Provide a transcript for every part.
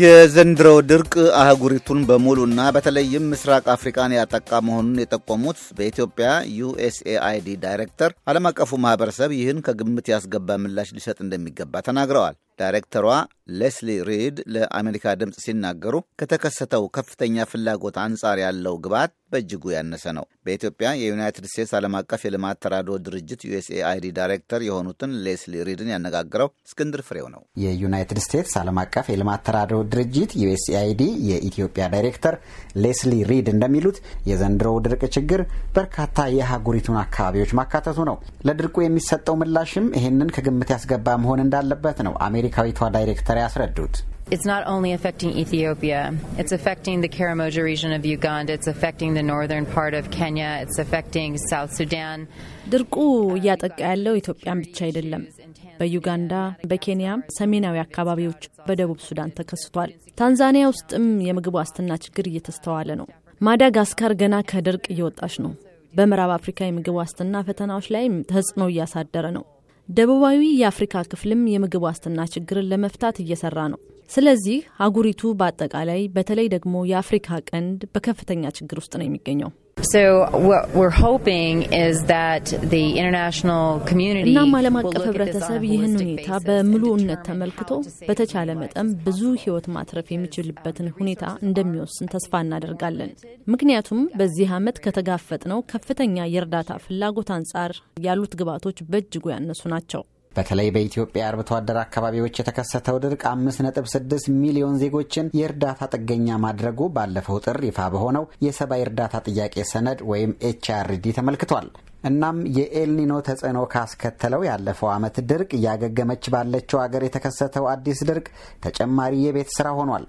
የዘንድሮ ድርቅ አህጉሪቱን በሙሉና በተለይም ምስራቅ አፍሪካን ያጠቃ መሆኑን የጠቆሙት በኢትዮጵያ ዩኤስኤአይዲ ዳይሬክተር ዓለም አቀፉ ማህበረሰብ ይህን ከግምት ያስገባ ምላሽ ሊሰጥ እንደሚገባ ተናግረዋል። ዳይሬክተሯ ሌስሊ ሪድ ለአሜሪካ ድምፅ ሲናገሩ ከተከሰተው ከፍተኛ ፍላጎት አንጻር ያለው ግብዓት በእጅጉ ያነሰ ነው። በኢትዮጵያ የዩናይትድ ስቴትስ ዓለም አቀፍ የልማት ተራድኦ ድርጅት ዩኤስኤአይዲ ዳይሬክተር የሆኑትን ሌስሊ ሪድን ያነጋግረው እስክንድር ፍሬው ነው። የዩናይትድ ስቴትስ ዓለም አቀፍ የልማት ተራድኦ ድርጅት ዩኤስኤአይዲ የኢትዮጵያ ዳይሬክተር ሌስሊ ሪድ እንደሚሉት የዘንድሮው ድርቅ ችግር በርካታ የሀጉሪቱን አካባቢዎች ማካተቱ ነው። ለድርቁ የሚሰጠው ምላሽም ይህንን ከግምት ያስገባ መሆን እንዳለበት ነው አሜሪካ አሜሪካዊቷ ዳይሬክተር ያስረዱት It's not only affecting Ethiopia, it's affecting the Karamoja region of Uganda, it's affecting the northern part of Kenya, it's affecting South Sudan. ድርቁ እያጠቃ ያለው ኢትዮጵያን ብቻ አይደለም። በዩጋንዳ፣ በኬንያ ሰሜናዊ አካባቢዎች፣ በደቡብ ሱዳን ተከስቷል። ታንዛኒያ ውስጥም የምግብ ዋስትና ችግር እየተስተዋለ ነው። ማዳጋስካር ገና ከድርቅ እየወጣች ነው። በምዕራብ አፍሪካ የምግብ ዋስትና ፈተናዎች ላይም ተጽዕኖ እያሳደረ ነው። ደቡባዊ የአፍሪካ ክፍልም የምግብ ዋስትና ችግርን ለመፍታት እየሰራ ነው። ስለዚህ አጉሪቱ በአጠቃላይ በተለይ ደግሞ የአፍሪካ ቀንድ በከፍተኛ ችግር ውስጥ ነው የሚገኘው። እናም ዓለም አቀፍ ህብረተሰብ ይህን ሁኔታ በምሉእነት ተመልክቶ በተቻለ መጠን ብዙ ህይወት ማትረፍ የሚችልበትን ሁኔታ እንደሚወስን ተስፋ እናደርጋለን። ምክንያቱም በዚህ ዓመት ከተጋፈጥነው ከፍተኛ የእርዳታ ፍላጎት አንጻር ያሉት ግብዓቶች በእጅጉ ያነሱ ናቸው። በተለይ በኢትዮጵያ አርብቶ አደር አካባቢዎች የተከሰተው ድርቅ 5.6 ሚሊዮን ዜጎችን የእርዳታ ጥገኛ ማድረጉ ባለፈው ጥር ይፋ በሆነው የሰብአዊ እርዳታ ጥያቄ ሰነድ ወይም ኤችአርዲ ተመልክቷል። እናም የኤልኒኖ ተጽዕኖ ካስከተለው ያለፈው ዓመት ድርቅ እያገገመች ባለችው አገር የተከሰተው አዲስ ድርቅ ተጨማሪ የቤት ስራ ሆኗል።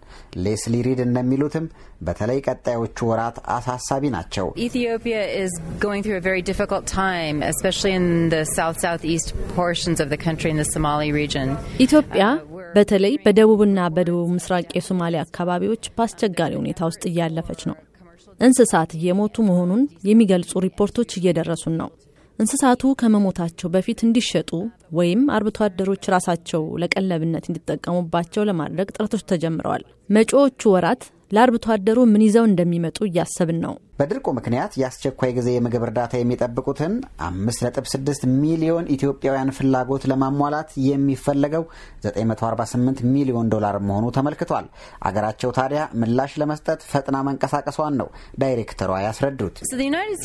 ሌስሊ ሪድ እንደሚሉትም በተለይ ቀጣዮቹ ወራት አሳሳቢ ናቸው። ኢትዮጵያ uh, በተለይ በደቡብና በደቡብ ምስራቅ የሶማሌ አካባቢዎች በአስቸጋሪ ሁኔታ ውስጥ እያለፈች ነው። እንስሳት እየሞቱ መሆኑን የሚገልጹ ሪፖርቶች እየደረሱን ነው። እንስሳቱ ከመሞታቸው በፊት እንዲሸጡ ወይም አርብቶ አደሮች ራሳቸው ለቀለብነት እንዲጠቀሙባቸው ለማድረግ ጥረቶች ተጀምረዋል። መጪዎቹ ወራት ለአርብቶ አደሩ ምን ይዘው እንደሚመጡ እያሰብን ነው። በድርቁ ምክንያት የአስቸኳይ ጊዜ የምግብ እርዳታ የሚጠብቁትን 5.6 ሚሊዮን ኢትዮጵያውያን ፍላጎት ለማሟላት የሚፈለገው 948 ሚሊዮን ዶላር መሆኑ ተመልክቷል። አገራቸው ታዲያ ምላሽ ለመስጠት ፈጥና መንቀሳቀሷን ነው ዳይሬክተሯ ያስረዱት። ዩናይትድ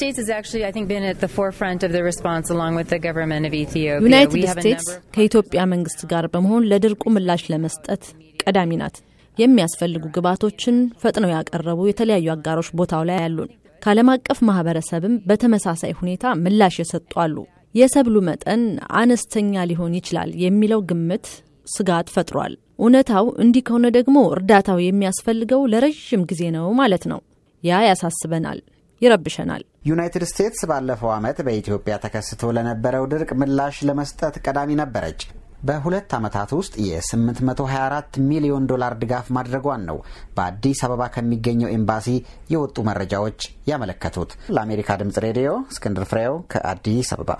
ስቴትስ ከኢትዮጵያ መንግስት ጋር በመሆን ለድርቁ ምላሽ ለመስጠት ቀዳሚ ናት። የሚያስፈልጉ ግብዓቶችን ፈጥነው ያቀረቡ የተለያዩ አጋሮች ቦታው ላይ አሉን። ከዓለም አቀፍ ማህበረሰብም በተመሳሳይ ሁኔታ ምላሽ የሰጡ አሉ። የሰብሉ መጠን አነስተኛ ሊሆን ይችላል የሚለው ግምት ስጋት ፈጥሯል። እውነታው እንዲህ ከሆነ ደግሞ እርዳታው የሚያስፈልገው ለረዥም ጊዜ ነው ማለት ነው። ያ ያሳስበናል፣ ይረብሸናል። ዩናይትድ ስቴትስ ባለፈው ዓመት በኢትዮጵያ ተከስቶ ለነበረው ድርቅ ምላሽ ለመስጠት ቀዳሚ ነበረች። በሁለት ዓመታት ውስጥ የ824 ሚሊዮን ዶላር ድጋፍ ማድረጓን ነው በአዲስ አበባ ከሚገኘው ኤምባሲ የወጡ መረጃዎች ያመለከቱት። ለአሜሪካ ድምፅ ሬዲዮ እስክንድር ፍሬው ከአዲስ አበባ